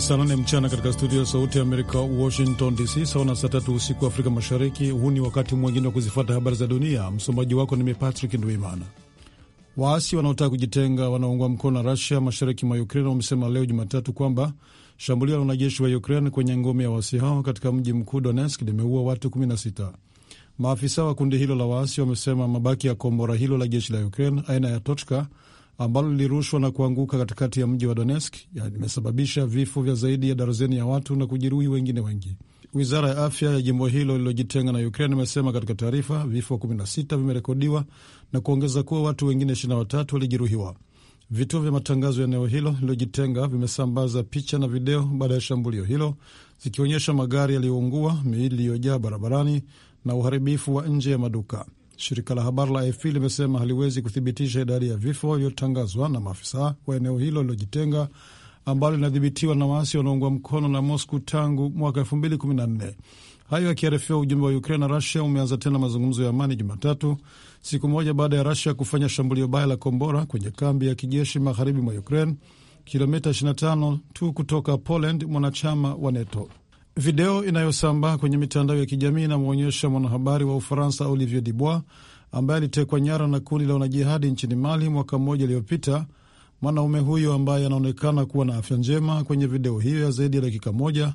saa nane mchana katika studio ya Sauti ya Amerika, Washington DC, sawa na saa tatu usiku wa Afrika Mashariki. Huu ni wakati mwingine wa kuzifuata habari za dunia. Msomaji wako ni mimi Patrick Ndwimana. Waasi wanaotaka kujitenga wanaungwa mkono na Rusia mashariki mwa Ukraine wamesema leo Jumatatu kwamba shambulio la wanajeshi wa Ukraine kwenye ngome ya waasi hao katika mji mkuu Donetsk limeua watu 16. Maafisa wa kundi hilo la waasi wamesema mabaki ya kombora hilo la jeshi la Ukraine aina ya Tochka ambalo lilirushwa na kuanguka katikati ya mji wa Donetsk yamesababisha vifo vya zaidi ya darazeni ya watu na kujeruhi wengine wengi. Wizara ya afya ya jimbo hilo lililojitenga na Ukraine imesema katika taarifa vifo 16 vimerekodiwa na kuongeza kuwa watu wengine 23 walijeruhiwa. Vituo vya matangazo ya eneo hilo lililojitenga vimesambaza picha na video baada ya shambulio hilo, zikionyesha magari yaliyoungua, miili iliyojaa barabarani na uharibifu wa nje ya maduka. Shirika la habari la AFP limesema haliwezi kuthibitisha idadi ya vifo iliyotangazwa na maafisa wa eneo hilo lililojitenga ambalo linadhibitiwa na waasi wanaungwa mkono na Moscow tangu mwaka 2014. Hayo yakiarifiwa, ujumbe wa Ukraine na Rusia umeanza tena mazungumzo ya amani Jumatatu, siku moja baada ya rasia kufanya shambulio baya la kombora kwenye kambi ya kijeshi magharibi mwa Ukraine, kilomita 25 tu kutoka Poland, mwanachama wa NATO. Video inayosambaa kwenye mitandao ya kijamii inamwonyesha mwanahabari wa Ufaransa Olivier Dubois ambaye alitekwa nyara na kundi la wanajihadi nchini Mali mwaka mmoja iliyopita. Mwanaume huyo ambaye anaonekana kuwa na afya njema kwenye video hiyo ya zaidi ya dakika moja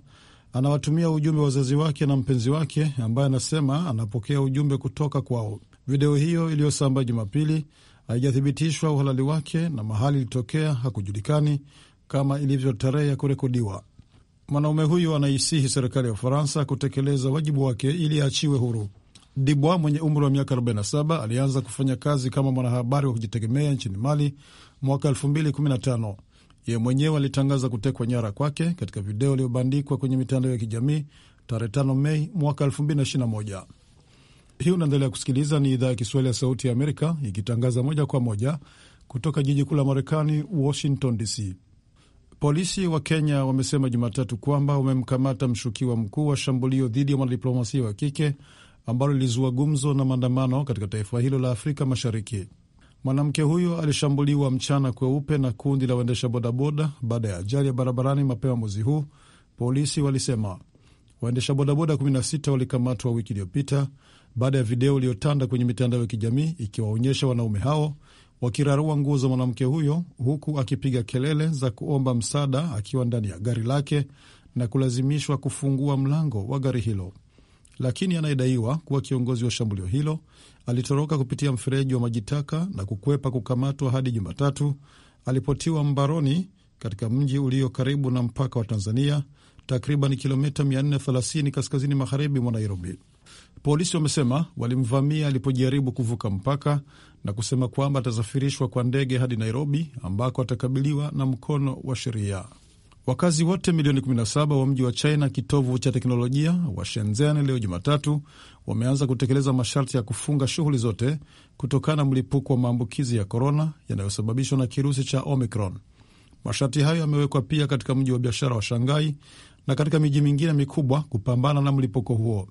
anawatumia ujumbe wazazi wake na mpenzi wake ambaye anasema anapokea ujumbe kutoka kwao. Video hiyo iliyosambaa Jumapili haijathibitishwa uhalali wake na mahali ilitokea hakujulikani, kama ilivyo tarehe ya kurekodiwa. Mwanaume huyu anaisihi serikali ya Ufaransa kutekeleza wajibu wake ili aachiwe huru. Dibwa mwenye umri wa miaka 47 alianza kufanya kazi kama mwanahabari wa kujitegemea nchini Mali mwaka 2015. Yeye mwenyewe alitangaza kutekwa nyara kwake katika video iliyobandikwa kwenye mitandao ya kijamii tarehe 5 Mei mwaka 2021. Hii unaendelea kusikiliza, ni idhaa ya Kiswahili ya Sauti ya Amerika ikitangaza moja kwa moja kutoka jiji kuu la Marekani, Washington DC. Polisi wa Kenya wamesema Jumatatu kwamba wamemkamata mshukiwa mkuu wa shambulio dhidi ya mwanadiplomasia wa kike ambalo lilizua gumzo na maandamano katika taifa hilo la Afrika Mashariki. Mwanamke huyo alishambuliwa mchana kweupe na kundi la waendesha bodaboda baada ya ajali ya barabarani mapema mwezi huu, polisi walisema. Waendesha bodaboda 16 walikamatwa wiki iliyopita baada ya video iliyotanda kwenye mitandao ya kijamii ikiwaonyesha wanaume hao wakirarua nguo za mwanamke huyo huku akipiga kelele za kuomba msaada akiwa ndani ya gari lake na kulazimishwa kufungua mlango wa gari hilo. Lakini anayedaiwa kuwa kiongozi wa shambulio hilo alitoroka kupitia mfereji wa maji taka na kukwepa kukamatwa hadi Jumatatu alipotiwa mbaroni katika mji ulio karibu na mpaka wa Tanzania, takriban kilomita 430 kaskazini magharibi mwa Nairobi. Polisi wamesema walimvamia alipojaribu kuvuka mpaka na kusema kwamba atasafirishwa kwa ndege hadi Nairobi ambako atakabiliwa na mkono wa sheria. Wakazi wote milioni 17 wa mji wa China, kitovu cha teknolojia wa Shenzhen, leo Jumatatu wameanza kutekeleza masharti ya kufunga shughuli zote kutokana na mlipuko wa maambukizi ya korona yanayosababishwa na kirusi cha Omicron. Masharti hayo yamewekwa pia katika mji wa biashara wa Shanghai na katika miji mingine mikubwa kupambana na mlipuko huo.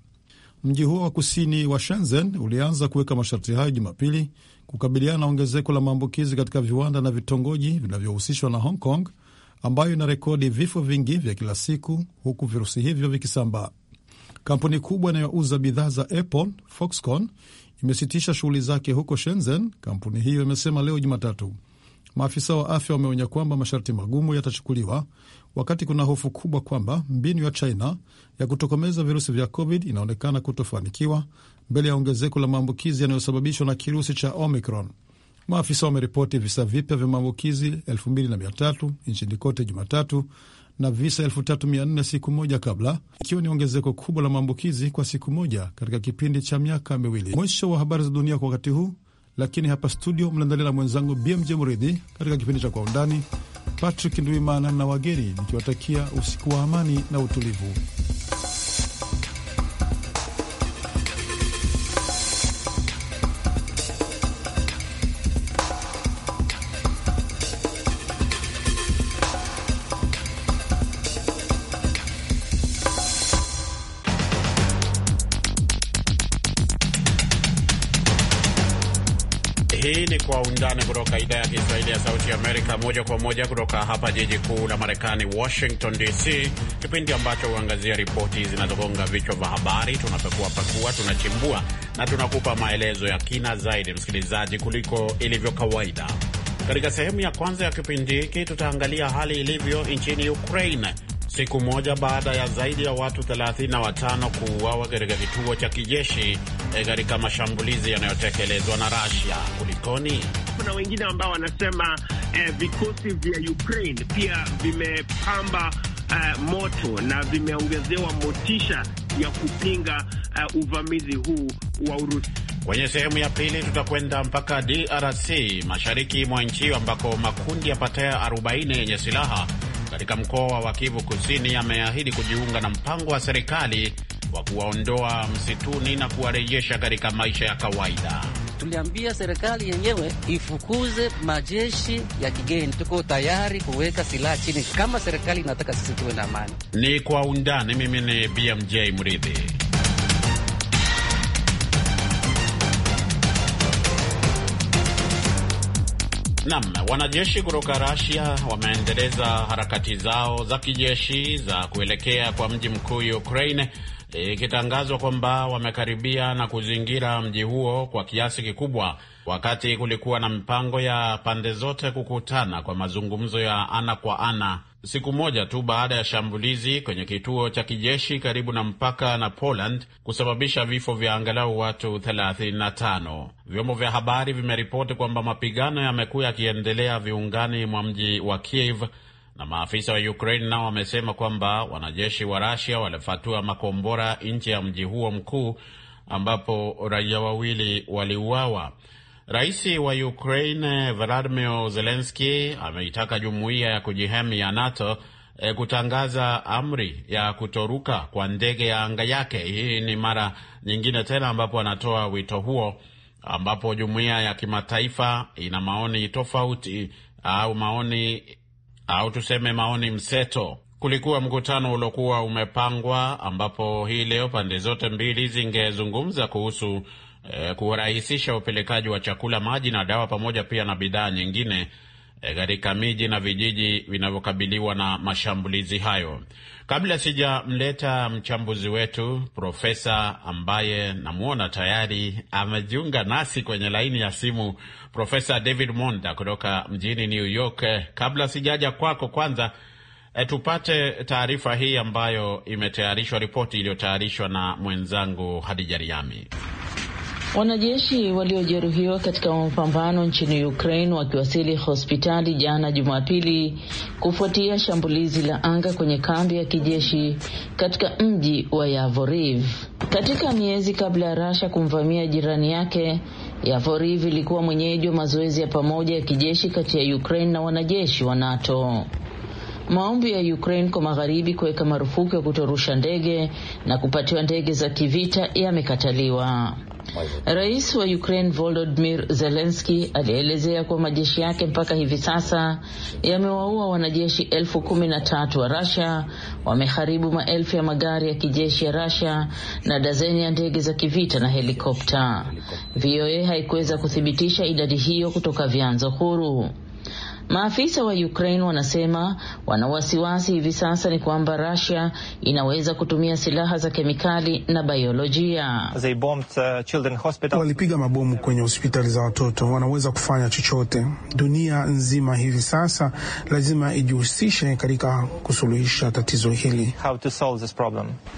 Mji huo wa kusini wa Shenzhen ulianza kuweka masharti hayo Jumapili kukabiliana na ongezeko la maambukizi katika viwanda na vitongoji vinavyohusishwa na Hong Kong ambayo ina rekodi vifo vingi vya kila siku huku virusi hivyo vikisambaa. Kampuni kubwa inayouza bidhaa za Apple, Foxconn, imesitisha shughuli zake huko Shenzhen, kampuni hiyo imesema leo Jumatatu. Maafisa wa afya wameonya kwamba masharti magumu yatachukuliwa wakati kuna hofu kubwa kwamba mbinu ya China ya kutokomeza virusi vya COVID inaonekana kutofanikiwa mbele ya ongezeko la maambukizi yanayosababishwa na kirusi cha Omicron. Maafisa wameripoti visa vipya vya maambukizi 2300 nchini kote Jumatatu na visa 3400 siku moja kabla, ikiwa ni ongezeko kubwa la maambukizi kwa siku moja katika kipindi cha miaka miwili. Mwisho wa habari za dunia kwa wakati huu lakini hapa studio mnaendelea na mwenzangu BMJ Mridhi katika kipindi cha Kwa Undani. Patrick Ndwimana na wageni nikiwatakia usiku wa amani na utulivu. kutoka idhaa ya Kiswahili ya Sauti Amerika, moja kwa moja kutoka hapa jiji kuu la Marekani, Washington DC, kipindi ambacho huangazia ripoti zinazogonga vichwa vya habari. Tunapekua pakua, tunachimbua na tunakupa maelezo ya kina zaidi, msikilizaji, kuliko ilivyo kawaida. Katika sehemu ya kwanza ya kipindi hiki tutaangalia hali ilivyo nchini Ukraine siku moja baada ya zaidi ya watu 35 kuuawa katika kituo cha kijeshi Eh, katika mashambulizi yanayotekelezwa na Russia. Kulikoni? Kuna wengine ambao wanasema eh, vikosi vya Ukraine pia vimepamba eh, moto na vimeongezewa motisha ya kupinga eh, uvamizi huu wa Urusi. Kwenye sehemu ya pili tutakwenda mpaka DRC mashariki mwa nchi ambako makundi yapataya 40 yenye silaha katika mkoa wa Kivu Kusini yameahidi kujiunga na mpango wa serikali wa kuwaondoa msituni na kuwarejesha katika maisha ya kawaida. Tuliambia serikali yenyewe ifukuze majeshi ya kigeni, tuko tayari kuweka silaha chini kama serikali inataka sisi tuwe na amani. Ni kwa undani. Mimi ni BMJ Mridhi. Nam, wanajeshi kutoka Rasia wameendeleza harakati zao za kijeshi za kuelekea kwa mji mkuu Ukraine ikitangazwa kwamba wamekaribia na kuzingira mji huo kwa kiasi kikubwa, wakati kulikuwa na mipango ya pande zote kukutana kwa mazungumzo ya ana kwa ana siku moja tu baada ya shambulizi kwenye kituo cha kijeshi karibu na mpaka na Poland kusababisha vifo vya angalau watu 35. Vyombo vya habari vimeripoti kwamba mapigano yamekuwa yakiendelea viungani mwa mji wa Kiev na maafisa wa Ukraine nao wamesema kwamba wanajeshi wa rasia walifatua makombora nje ya mji huo mkuu ambapo raia wawili waliuawa. Rais wa Ukraine Volodymyr Zelensky ameitaka jumuiya ya kujihami ya NATO e, kutangaza amri ya kutoruka kwa ndege ya anga yake. Hii ni mara nyingine tena ambapo anatoa wito huo, ambapo jumuiya ya kimataifa ina maoni tofauti au maoni au tuseme maoni mseto. Kulikuwa mkutano uliokuwa umepangwa ambapo hii leo pande zote mbili zingezungumza kuhusu eh, kurahisisha upelekaji wa chakula, maji na dawa pamoja pia na bidhaa nyingine Eh, katika miji na vijiji vinavyokabiliwa na mashambulizi hayo. Kabla sijamleta mchambuzi wetu profesa, ambaye namwona tayari amejiunga nasi kwenye laini ya simu, Profesa David Monda kutoka mjini New York, kabla sijaja kwako, kwanza e, tupate taarifa hii ambayo imetayarishwa, ripoti iliyotayarishwa na mwenzangu Hadija Riami. Wanajeshi waliojeruhiwa katika mapambano nchini Ukraine wakiwasili hospitali jana Jumapili kufuatia shambulizi la anga kwenye kambi ya kijeshi katika mji wa Yavoriv. Katika miezi kabla ya Rasha kumvamia jirani yake, Yavoriv ilikuwa mwenyeji wa mazoezi ya pamoja ya kijeshi kati ya Ukraine na wanajeshi wa NATO. Maombi ya Ukraine kwa magharibi kuweka marufuku ya kutorusha ndege na kupatiwa ndege za kivita yamekataliwa. Rais wa Ukraine Volodymyr Zelensky alielezea kuwa majeshi yake mpaka hivi sasa yamewaua wanajeshi elfu kumi na tatu wa Russia, wameharibu maelfu ya magari ya kijeshi ya Russia na dazeni ya ndege za kivita na helikopta. VOA haikuweza kuthibitisha idadi hiyo kutoka vyanzo huru. Maafisa wa Ukraine wanasema wana wasiwasi hivi sasa ni kwamba Russia inaweza kutumia silaha za kemikali na biolojia. Uh, walipiga mabomu kwenye hospitali za watoto. Wanaweza kufanya chochote. Dunia nzima hivi sasa lazima ijihusishe katika kusuluhisha tatizo hili.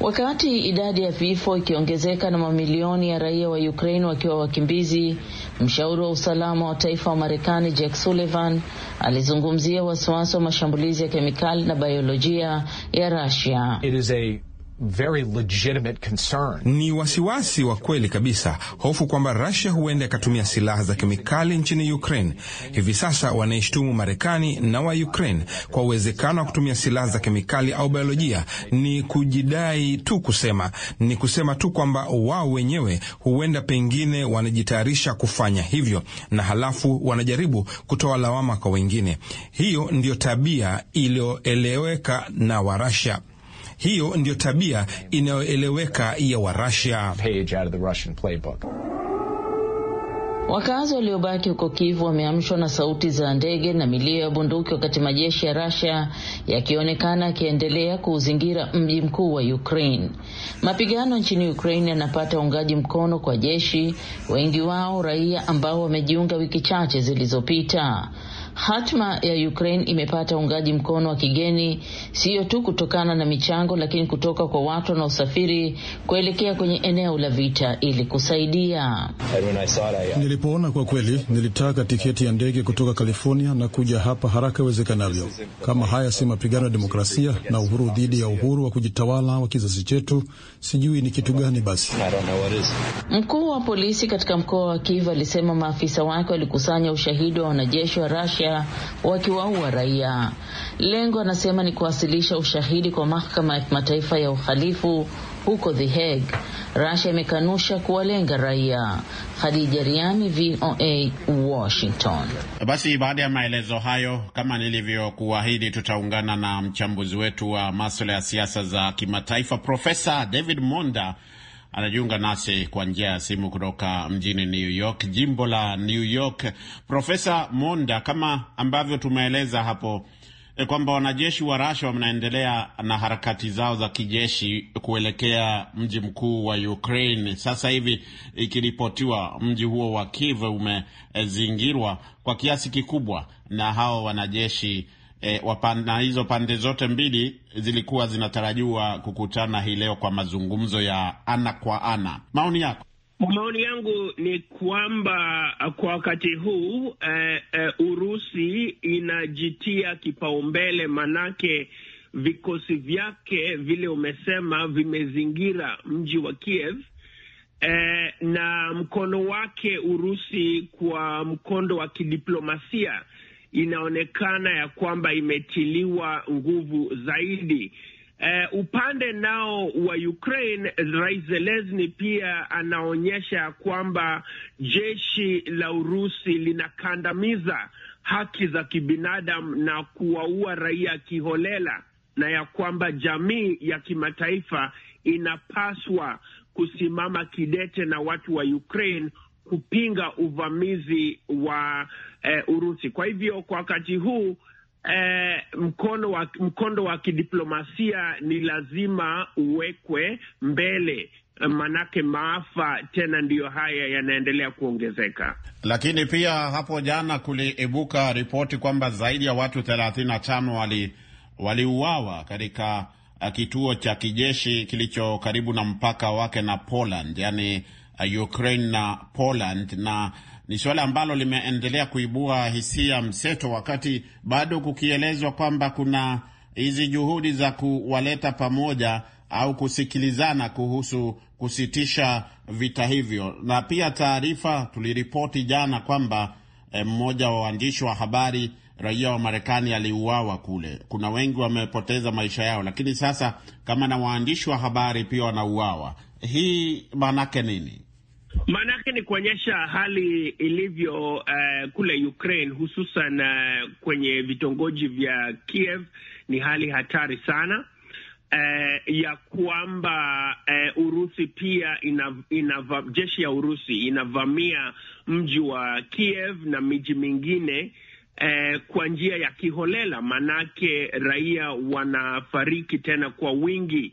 Wakati idadi ya vifo ikiongezeka na mamilioni ya raia wa Ukraine wakiwa wakimbizi, mshauri wa usalama wa taifa wa Marekani Jack Sullivan alizungumzia wasiwasi wa mashambulizi ya kemikali na biolojia ya Russia. It is a Very legitimate concern. Ni wasiwasi wa kweli kabisa, hofu kwamba Russia huenda ikatumia silaha za kemikali nchini Ukraine. Hivi sasa wanaishtumu Marekani na wa Ukraine kwa uwezekano wa kutumia silaha za kemikali au biolojia. Ni kujidai tu kusema, ni kusema tu kwamba wao wenyewe huenda pengine wanajitayarisha kufanya hivyo, na halafu wanajaribu kutoa lawama kwa wengine. Hiyo ndiyo tabia iliyoeleweka na Warusia. Hiyo ndiyo tabia inayoeleweka ya Warusia. Wakazi waliobaki huko Kivu wameamshwa na sauti za ndege na milio ya bunduki, wakati majeshi ya rasia yakionekana yakiendelea kuuzingira mji mkuu wa Ukraine. Mapigano nchini Ukraine yanapata uungaji mkono kwa jeshi, wengi wao raia ambao wamejiunga wiki chache zilizopita. Hatima ya Ukraine imepata uungaji mkono wa kigeni, siyo tu kutokana na michango, lakini kutoka kwa watu wanaosafiri kuelekea kwenye eneo la vita ili kusaidia. Nilipoona kwa kweli, nilitaka tiketi ya ndege kutoka California na kuja hapa haraka iwezekanavyo. Kama haya si mapigano ya demokrasia na uhuru dhidi ya uhuru wa kujitawala wa kizazi chetu, sijui ni kitu gani basi. Mkuu polisi katika mkoa wa kiva alisema maafisa wake walikusanya ushahidi wa wanajeshi wa Russia wakiwaua raia. Lengo, anasema, ni kuwasilisha ushahidi kwa mahakama ya kimataifa ya uhalifu huko The Hague. Russia imekanusha kuwalenga raia. Khadija Riami, VOA, Washington. Basi baada ya maelezo hayo, kama nilivyokuahidi, tutaungana na mchambuzi wetu wa masuala ya siasa za kimataifa Profesa David Monda anajiunga nasi kwa njia ya simu kutoka mjini New York, jimbo la New York. Profesa Monda, kama ambavyo tumeeleza hapo e, kwamba wanajeshi wa Russia wanaendelea na harakati zao za kijeshi kuelekea mji mkuu wa Ukraine. Sasa hivi ikiripotiwa, mji huo wa Kiev umezingirwa kwa kiasi kikubwa na hao wanajeshi e, na hizo pande zote mbili zilikuwa zinatarajiwa kukutana hii leo kwa mazungumzo ya ana kwa ana. Maoni yako? Maoni yangu ni kwamba kwa wakati huu eh, eh, Urusi inajitia kipaumbele, manake vikosi vyake vile umesema vimezingira mji wa Kiev eh, na mkono wake Urusi kwa mkondo wa kidiplomasia inaonekana ya kwamba imetiliwa nguvu zaidi. Uh, upande nao wa Ukraine, Rais Zelensky pia anaonyesha kwamba jeshi la Urusi linakandamiza haki za kibinadamu na kuwaua raia kiholela na ya kwamba jamii ya kimataifa inapaswa kusimama kidete na watu wa Ukraine kupinga uvamizi wa eh, Urusi. Kwa hivyo kwa wakati huu eh, mkondo wa, mkondo wa kidiplomasia ni lazima uwekwe mbele manake maafa tena ndiyo haya yanaendelea kuongezeka. Lakini pia hapo jana kuliibuka ripoti kwamba zaidi ya watu thelathini na tano waliuawa wali katika eh, kituo cha kijeshi kilicho karibu na mpaka wake na Poland, yani Uh, Ukraine na Poland, na ni suala ambalo limeendelea kuibua hisia mseto, wakati bado kukielezwa kwamba kuna hizi juhudi za kuwaleta pamoja au kusikilizana kuhusu kusitisha vita hivyo. Na pia taarifa tuliripoti jana kwamba eh, mmoja wa waandishi wa habari raia wa Marekani aliuawa kule. Kuna wengi wamepoteza maisha yao, lakini sasa kama na waandishi wa habari pia wanauawa, hii maanake nini? Maanake ni kuonyesha hali ilivyo uh, kule Ukraine hususan uh, kwenye vitongoji vya Kiev ni hali hatari sana uh, ya kwamba uh, Urusi pia ina, jeshi ya Urusi inavamia mji wa Kiev na miji mingine uh, kwa njia ya kiholela, maanake raia wanafariki tena kwa wingi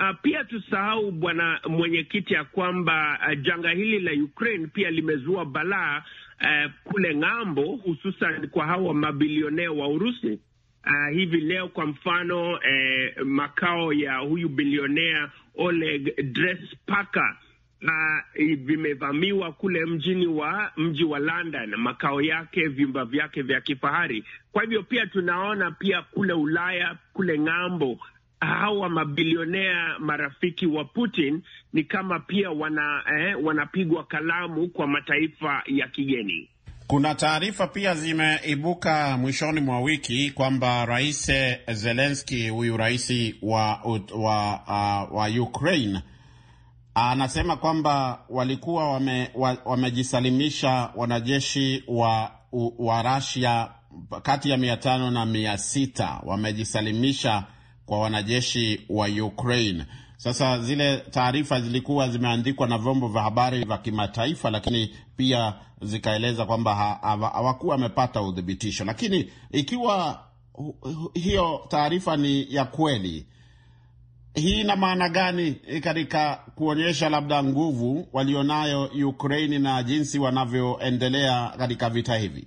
Uh, pia tusahau bwana mwenyekiti, ya kwamba uh, janga hili la Ukraine pia limezua balaa uh, kule ng'ambo, hususan kwa hawa mabilionea wa Urusi. Uh, hivi leo kwa mfano uh, makao ya huyu bilionea Oleg Drespaka uh, vimevamiwa kule mjini wa mji wa London, makao yake, vyumba vyake vya kifahari. Kwa hivyo pia tunaona pia kule Ulaya kule ng'ambo hawa mabilionea marafiki wa Putin ni kama pia wana, eh, wanapigwa kalamu kwa mataifa ya kigeni. Kuna taarifa pia zimeibuka mwishoni mwa wiki kwamba Rais Zelenski, huyu rais wa, wa, uh, wa Ukraine anasema kwamba walikuwa wame, wamejisalimisha wanajeshi wa, wa Rasia kati ya mia tano na mia sita wamejisalimisha kwa wanajeshi wa Ukraine. Sasa zile taarifa zilikuwa zimeandikwa na vyombo vya habari vya kimataifa, lakini pia zikaeleza kwamba hawakuwa wamepata udhibitisho. Lakini ikiwa hiyo taarifa ni ya kweli, hii ina maana gani katika kuonyesha labda nguvu walionayo Ukraini na jinsi wanavyoendelea katika vita hivi?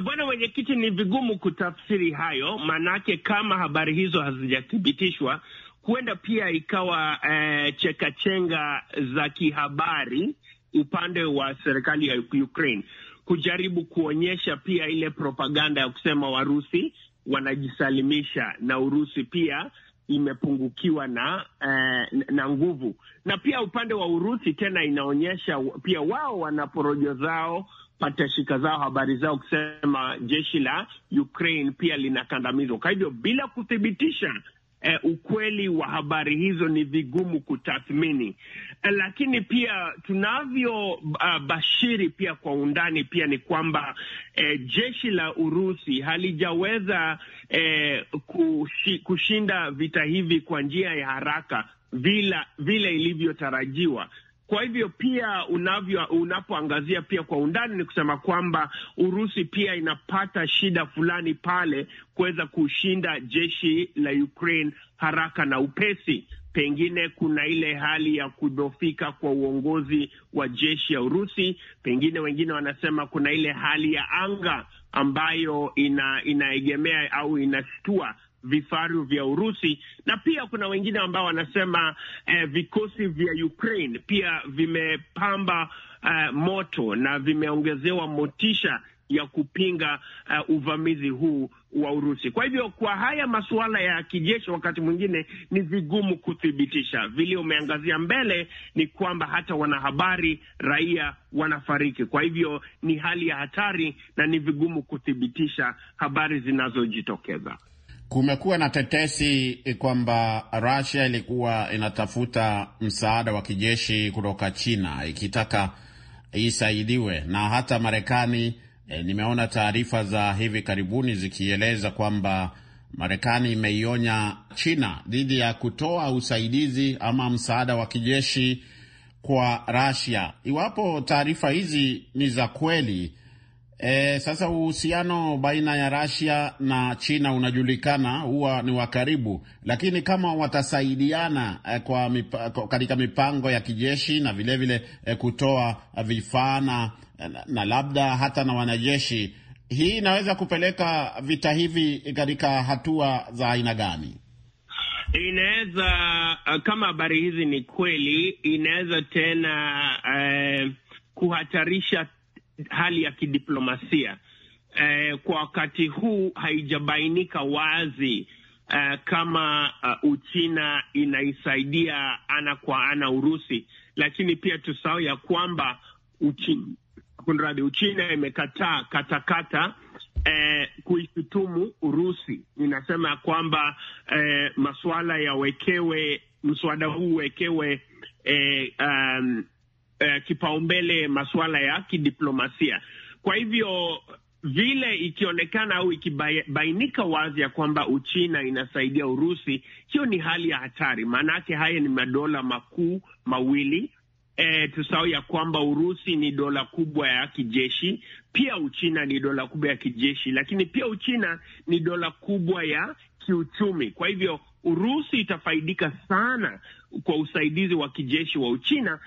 Bwana mwenyekiti, ni vigumu kutafsiri hayo, maanake kama habari hizo hazijathibitishwa, huenda pia ikawa eh, chekachenga za kihabari upande wa serikali ya Ukraine kujaribu kuonyesha pia ile propaganda ya kusema Warusi wanajisalimisha na Urusi pia imepungukiwa na eh, na nguvu, na pia upande wa Urusi tena inaonyesha pia wao wana porojo zao patashika zao habari zao kusema jeshi la Ukraine pia linakandamizwa. Kwa hivyo bila kuthibitisha eh, ukweli wa habari hizo ni vigumu kutathmini, eh, lakini pia tunavyo uh, bashiri pia kwa undani pia ni kwamba eh, jeshi la Urusi halijaweza eh, kushi, kushinda vita hivi kwa njia ya haraka vila, vile ilivyotarajiwa kwa hivyo pia unavyo unapoangazia pia kwa undani ni kusema kwamba Urusi pia inapata shida fulani pale kuweza kushinda jeshi la Ukraine haraka na upesi. Pengine kuna ile hali ya kudhofika kwa uongozi wa jeshi ya Urusi. Pengine wengine wanasema kuna ile hali ya anga ambayo ina, inaegemea au inashtua vifaru vya Urusi, na pia kuna wengine ambao wanasema eh, vikosi vya Ukraine pia vimepamba eh, moto na vimeongezewa motisha ya kupinga uh, uvamizi huu wa Urusi. Kwa hivyo kwa haya masuala ya kijeshi, wakati mwingine ni vigumu kuthibitisha. Vile umeangazia mbele ni kwamba hata wanahabari raia wanafariki, kwa hivyo ni hali ya hatari na ni vigumu kuthibitisha habari zinazojitokeza. Kumekuwa na tetesi eh, kwamba Russia ilikuwa inatafuta msaada wa kijeshi kutoka China ikitaka isaidiwe na hata Marekani. E, nimeona taarifa za hivi karibuni zikieleza kwamba Marekani imeionya China dhidi ya kutoa usaidizi ama msaada wa kijeshi kwa Russia. Iwapo taarifa hizi ni za kweli, E, sasa uhusiano baina ya Russia na China unajulikana huwa ni wa karibu, lakini kama watasaidiana e, kwa mipa, katika mipango ya kijeshi na vilevile vile, e, kutoa vifaa na, na labda hata na wanajeshi, hii inaweza kupeleka vita hivi katika hatua za aina gani? Inaweza kama habari hizi ni kweli, inaweza tena eh, kuhatarisha hali ya kidiplomasia eh, kwa wakati huu haijabainika wazi eh, kama uh, Uchina inaisaidia ana kwa ana Urusi, lakini pia tusahau ya kwamba Uchina, kunradhi, Uchina imekataa katakata Eh, kuishutumu Urusi inasema ya kwamba eh, masuala yawekewe mswada huu wekewe eh, um, eh, kipaumbele masuala ya kidiplomasia. Kwa hivyo vile ikionekana au ikibainika wazi ya kwamba Uchina inasaidia Urusi, hiyo ni hali ya hatari, maanake haya ni madola makuu mawili. E, tusahau ya kwamba Urusi ni dola kubwa ya kijeshi, pia Uchina ni dola kubwa ya kijeshi, lakini pia Uchina ni dola kubwa ya kiuchumi. Kwa hivyo Urusi itafaidika sana kwa usaidizi wa kijeshi wa Uchina,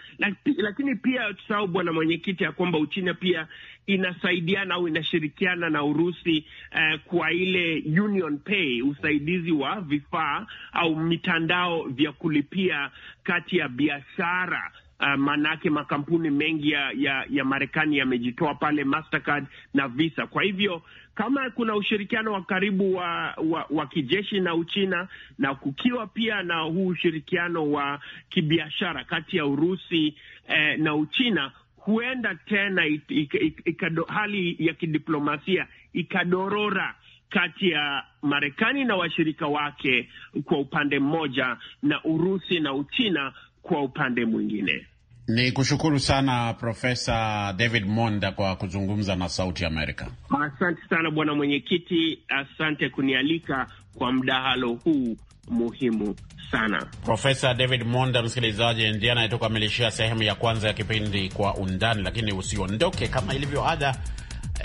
lakini pia tusahau, bwana mwenyekiti, ya kwamba Uchina pia inasaidiana au inashirikiana na Urusi uh, kwa ile Union Pay, usaidizi wa vifaa au mitandao vya kulipia kati ya biashara. Uh, eh, maanake makampuni mengi ya, ya, ya Marekani yamejitoa pale Mastercard na Visa. Kwa hivyo kama kuna ushirikiano wa karibu wa, wa, wa kijeshi na Uchina na kukiwa pia na huu ushirikiano wa kibiashara kati ya Urusi eh, na Uchina huenda tena it, it, it, it, it, hali ya kidiplomasia ikadorora kati ya Marekani na washirika wake kwa upande mmoja na Urusi na Uchina kwa upande mwingine. Ni kushukuru sana Profesa David Monda kwa kuzungumza na Sauti Amerika. Asante sana bwana mwenyekiti, asante kunialika kwa mdahalo huu muhimu sana. Profesa David Monda, msikilizaji, ndiye anayetukamilishia sehemu ya kwanza ya kipindi Kwa Undani, lakini usiondoke. Kama ilivyo ada,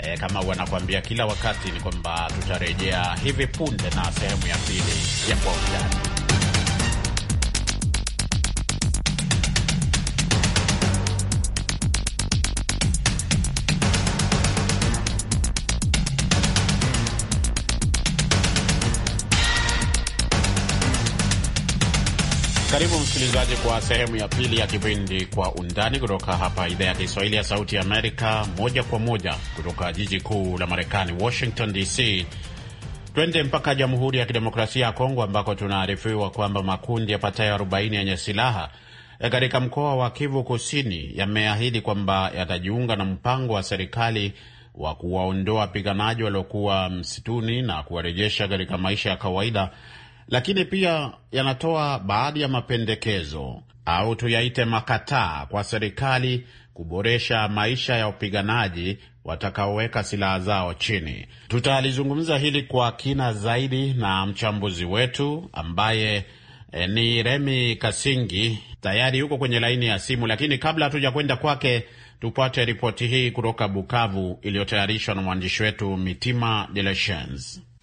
e, kama wanakuambia kila wakati, ni kwamba tutarejea hivi punde na sehemu ya pili ya Kwa Undani. Karibu msikilizaji, kwa sehemu ya pili ya kipindi Kwa Undani kutoka hapa idhaa ya Kiswahili ya Sauti ya Amerika, moja kwa moja kutoka jiji kuu la Marekani, Washington DC. Twende mpaka Jamhuri ya Kidemokrasia ya Kongo, ambako tunaarifiwa kwamba makundi yapatayo 40 yenye silaha eh, katika mkoa wa Kivu Kusini yameahidi kwamba yatajiunga na mpango wa serikali wa kuwaondoa wapiganaji waliokuwa msituni na kuwarejesha katika maisha ya kawaida lakini pia yanatoa baadhi ya mapendekezo au tuyaite makataa kwa serikali kuboresha maisha ya wapiganaji watakaoweka silaha zao chini. Tutalizungumza hili kwa kina zaidi na mchambuzi wetu ambaye e, ni Remi Kasingi tayari yuko kwenye laini ya simu, lakini kabla hatuja kwenda kwake, tupate ripoti hii kutoka Bukavu iliyotayarishwa na mwandishi wetu Mitima De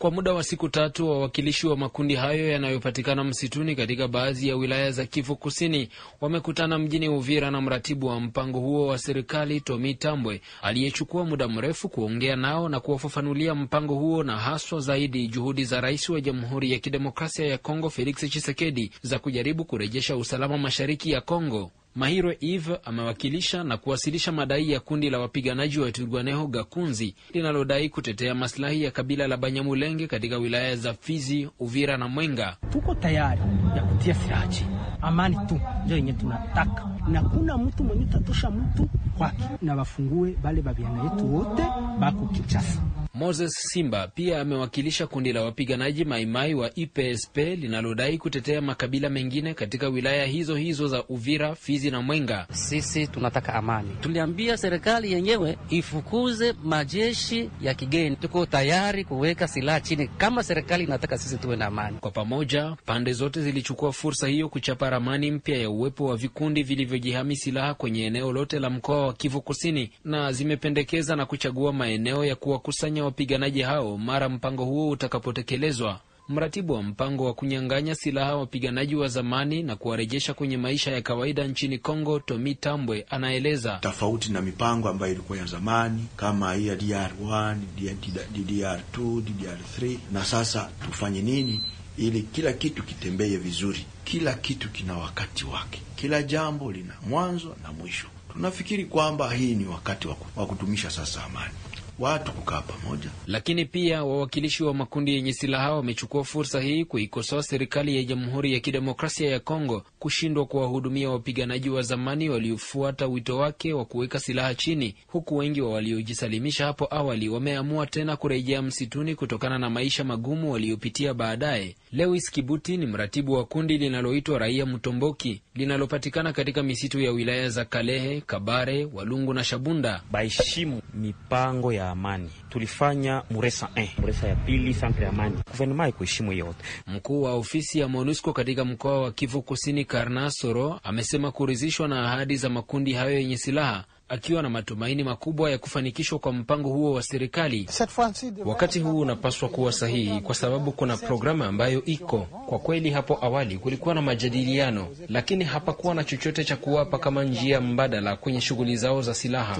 kwa muda wa siku tatu, wawakilishi wa makundi hayo yanayopatikana msituni katika baadhi ya wilaya za Kivu Kusini wamekutana mjini Uvira na mratibu wa mpango huo wa serikali Tomi Tambwe aliyechukua muda mrefu kuongea nao na kuwafafanulia mpango huo na haswa zaidi juhudi za rais wa Jamhuri ya Kidemokrasia ya Kongo Felix Tshisekedi za kujaribu kurejesha usalama mashariki ya Kongo. Mahiro Eve amewakilisha na kuwasilisha madai ya kundi la wapiganaji wa Turwaneho Gakunzi linalodai kutetea masilahi ya kabila la Banyamulenge katika wilaya za Fizi, Uvira na Mwenga. Tuko tayari ya kutia silaha chini, amani tu ndio yenye tunataka na kuna mtu mwenye tatosha mtu kwake, na wafungue bale babiana yetu wote bako Kinshasa. Moses Simba pia amewakilisha kundi la wapiganaji Maimai wa IPSP linalodai kutetea makabila mengine katika wilaya hizo hizo za Uvira, Fizi na Mwenga. Sisi tunataka amani. Tuliambia serikali yenyewe ifukuze majeshi ya kigeni. Tuko tayari kuweka silaha chini kama serikali inataka sisi tuwe na amani. Kwa pamoja, pande zote zilichukua fursa hiyo kuchapa ramani mpya ya uwepo wa vikundi vilivyo vilivyojihami silaha kwenye eneo lote la mkoa wa Kivu Kusini na zimependekeza na kuchagua maeneo ya kuwakusanya wapiganaji hao mara mpango huo utakapotekelezwa. Mratibu wa mpango wa kunyang'anya silaha wapiganaji wa zamani na kuwarejesha kwenye maisha ya kawaida nchini Kongo, Tomi Tambwe anaeleza tofauti na mipango ambayo ilikuwa ya zamani kama hii ya DR1, DR2, DR3, na sasa tufanye nini ili kila kitu kitembee vizuri. Kila kitu kina wakati wake, kila jambo lina mwanzo na mwisho. Tunafikiri kwamba hii ni wakati wa kutumisha sasa amani, watu kukaa pamoja. Lakini pia wawakilishi wa makundi yenye silaha wamechukua fursa hii kuikosoa serikali ya Jamhuri ya Kidemokrasia ya Kongo kushindwa kuwahudumia wapiganaji wa zamani waliofuata wito wake wa kuweka silaha chini, huku wengi wa waliojisalimisha hapo awali wameamua tena kurejea msituni kutokana na maisha magumu waliopitia baadaye. Lewis Kibuti ni mratibu wa kundi linaloitwa Raia Mtomboki linalopatikana katika misitu ya wilaya za Kalehe, Kabare, Walungu na Shabunda. Baheshimu mipango ya amani tulifanya Muresa eh, Muresa ya pili sante amani mani guvernema hiyo yote. Mkuu wa ofisi ya MONUSCO katika mkoa wa Kivu Kusini, Karnasoro, amesema kuridhishwa na ahadi za makundi hayo yenye silaha akiwa na matumaini makubwa ya kufanikishwa kwa mpango huo wa serikali. Wakati huu unapaswa kuwa sahihi, kwa sababu kuna programu ambayo iko kwa kweli. Hapo awali kulikuwa na majadiliano, lakini hapakuwa na chochote cha kuwapa kama njia mbadala kwenye shughuli zao za silaha.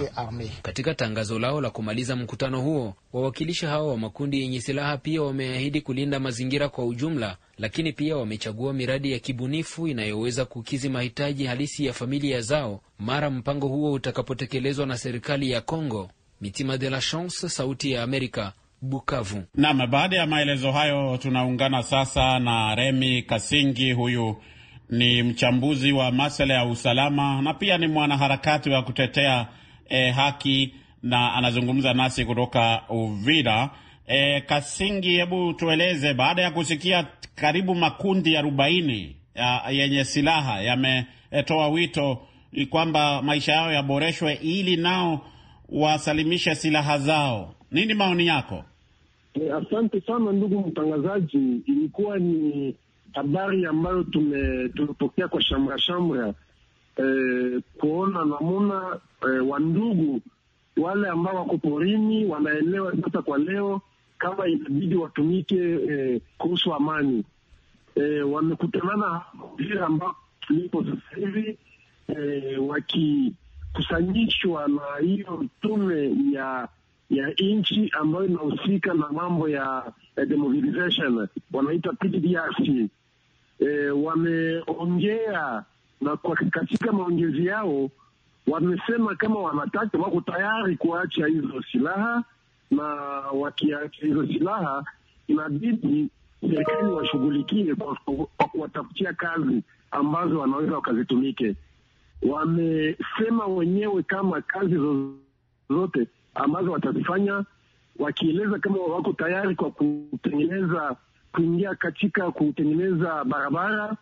Katika tangazo lao la kumaliza mkutano huo, wawakilishi hao wa makundi yenye silaha pia wameahidi kulinda mazingira kwa ujumla lakini pia wamechagua miradi ya kibunifu inayoweza kukidhi mahitaji halisi ya familia zao mara mpango huo utakapotekelezwa na serikali ya Congo. Mitima de la Chance, Sauti ya Amerika, Bukavu. Nam, baada ya maelezo hayo tunaungana sasa na Remi Kasingi. Huyu ni mchambuzi wa masuala ya usalama na pia ni mwanaharakati wa kutetea e, haki na anazungumza nasi kutoka Uvira. E, Kasingi, hebu tueleze baada ya kusikia karibu makundi arobaini yenye silaha yametoa wito kwamba maisha yao yaboreshwe ili nao wasalimishe silaha zao. Nini maoni yako? Eh, asante sana ndugu mtangazaji, ilikuwa ni habari ambayo tumepokea kwa shamra shamra e, kuona namuna e, eh, wandugu wale ambao wako porini wanaelewa sasa kwa leo kama inabidi watumike eh, kuhusu amani eh, wamekutanana vile ambapo tulipo sasa hivi eh, wakikusanyishwa na hiyo tume ya ya nchi ambayo inahusika na mambo ya eh, demobilization wanaita PDRC. Eh, wameongea na kwa katika maongezi yao wamesema kama wanataka, wako tayari kuacha hizo silaha na wakiacha hizo silaha, inabidi serikali washughulikie kwa kuwatafutia kazi ambazo wanaweza wakazitumike. Wamesema wenyewe kama kazi zozote ambazo watazifanya, wakieleza kama wako tayari kwa kutengeneza kuingia katika kutengeneza barabara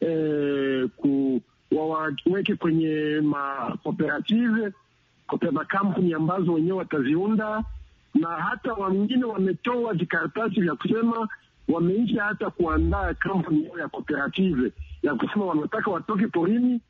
e, ku, wawaweke kwenye makooperative makampuni ambazo wenyewe wataziunda na hata wengine wametoa vikaratasi vya kusema wameisha hata kuandaa kampuni yao ya kooperative ya kusema wanataka watoke porini,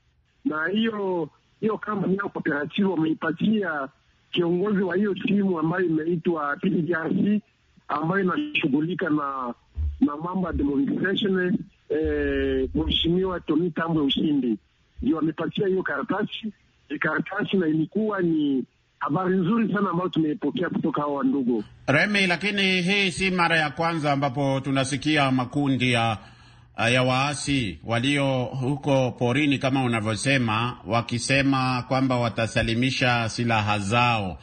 na hiyo hiyo kampuni yao kooperative wameipatia kiongozi wa hiyo timu ambayo imeitwa PDRC ambayo inashughulika na na mambo ya demonstration eh, Mheshimiwa Tony Tambwe Ushindi ndio wamepatia hiyo karatasi karatasi, na ilikuwa ni habari nzuri sana ambayo tumeipokea kutoka hawa ndugu Remi. Lakini hii si mara ya kwanza ambapo tunasikia makundi ya ya waasi walio huko porini kama unavyosema, wakisema kwamba watasalimisha silaha zao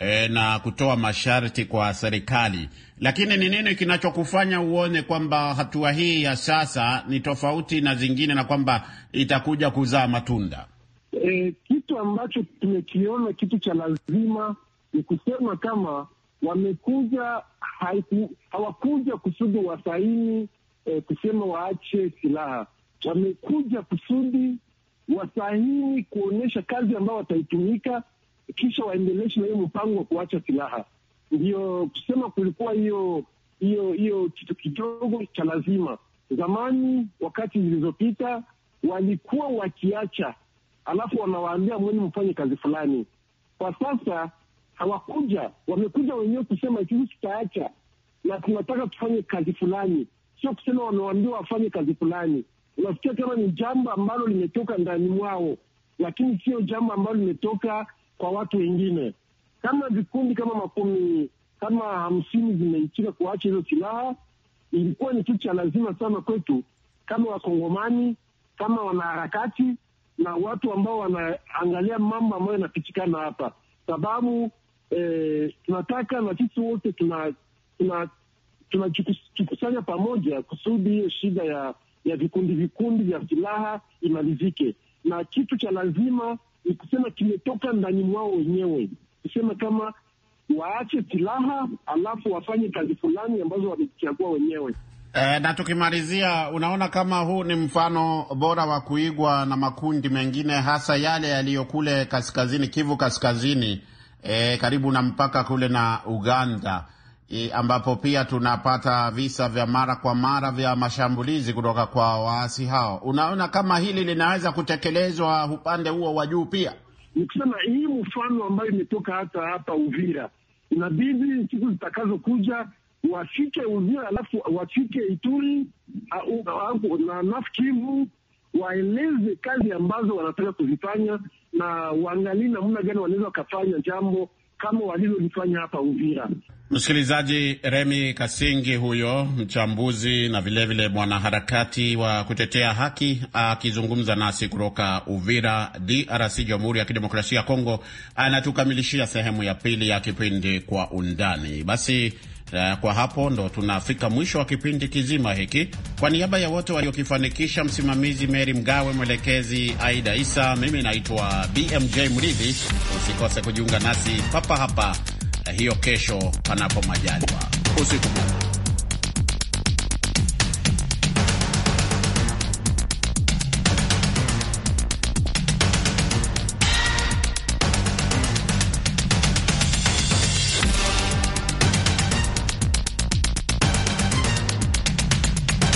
e, na kutoa masharti kwa serikali. Lakini ni nini kinachokufanya uone kwamba hatua hii ya sasa ni tofauti na zingine na kwamba itakuja kuzaa matunda? E, kitu ambacho tumekiona kitu cha lazima ni kusema kama wamekuja haiku, hawakuja kusudi wasaini eh, kusema waache silaha. Wamekuja kusudi wasaini kuonyesha kazi ambayo wataitumika, kisha waendeleshe na hiyo mpango wa kuacha silaha. Ndio kusema kulikuwa hiyo hiyo hiyo kitu kidogo cha lazima. Zamani wakati zilizopita walikuwa wakiacha alafu wanawaambia mweni mfanye kazi fulani. Kwa sasa hawakuja, wamekuja wenyewe kusema sisi tutaacha na tunataka tufanye kazi fulani, sio kusema wamewambia wafanye kazi fulani. Unasikia kama ni jambo ambalo limetoka ndani mwao, lakini sio jambo ambalo limetoka kwa watu wengine. Kama vikundi kama makumi kama hamsini zimeitika kuacha hizo silaha, ilikuwa ni kitu cha lazima sana kwetu kama Wakongomani, kama wanaharakati na watu ambao wanaangalia mambo ambayo yanapitikana hapa, sababu eh, tunataka na sisi wote tunajikusanya tuna, tuna pamoja kusudi hiyo shida ya ya vikundi vikundi vya silaha imalizike, na kitu cha lazima ni kusema kimetoka ndani mwao wenyewe, kusema kama waache silaha alafu wafanye kazi fulani ambazo wamechagua wenyewe. E, na tukimalizia, unaona kama huu ni mfano bora wa kuigwa na makundi mengine hasa yale yaliyo kule kaskazini Kivu kaskazini, e, karibu na mpaka kule na Uganda e, ambapo pia tunapata visa vya mara kwa mara vya mashambulizi kutoka kwa waasi hao. Unaona kama hili linaweza kutekelezwa upande huo wa juu pia? Nikisema hii mfano ambayo imetoka hata hapa Uvira, inabidi siku zitakazokuja wafike Uvira alafu wafike Ituri na North Kivu, waeleze kazi ambazo wanataka kuzifanya na waangalie namna gani wanaweza wakafanya jambo kama walivyolifanya hapa Uvira. Msikilizaji, Remi Kasingi huyo mchambuzi na vilevile mwanaharakati wa kutetea haki akizungumza nasi kutoka Uvira, DRC, Jamhuri ya Kidemokrasia ya Kongo, anatukamilishia sehemu ya pili ya kipindi Kwa Undani. Basi na eh, kwa hapo ndo tunafika mwisho wa kipindi kizima hiki. Kwa niaba ya wote waliokifanikisha, msimamizi Meri Mgawe, mwelekezi Aida Isa, mimi naitwa BMJ Mridhi. Usikose kujiunga nasi papa hapa eh, hiyo kesho, panapo majaliwa. Usiku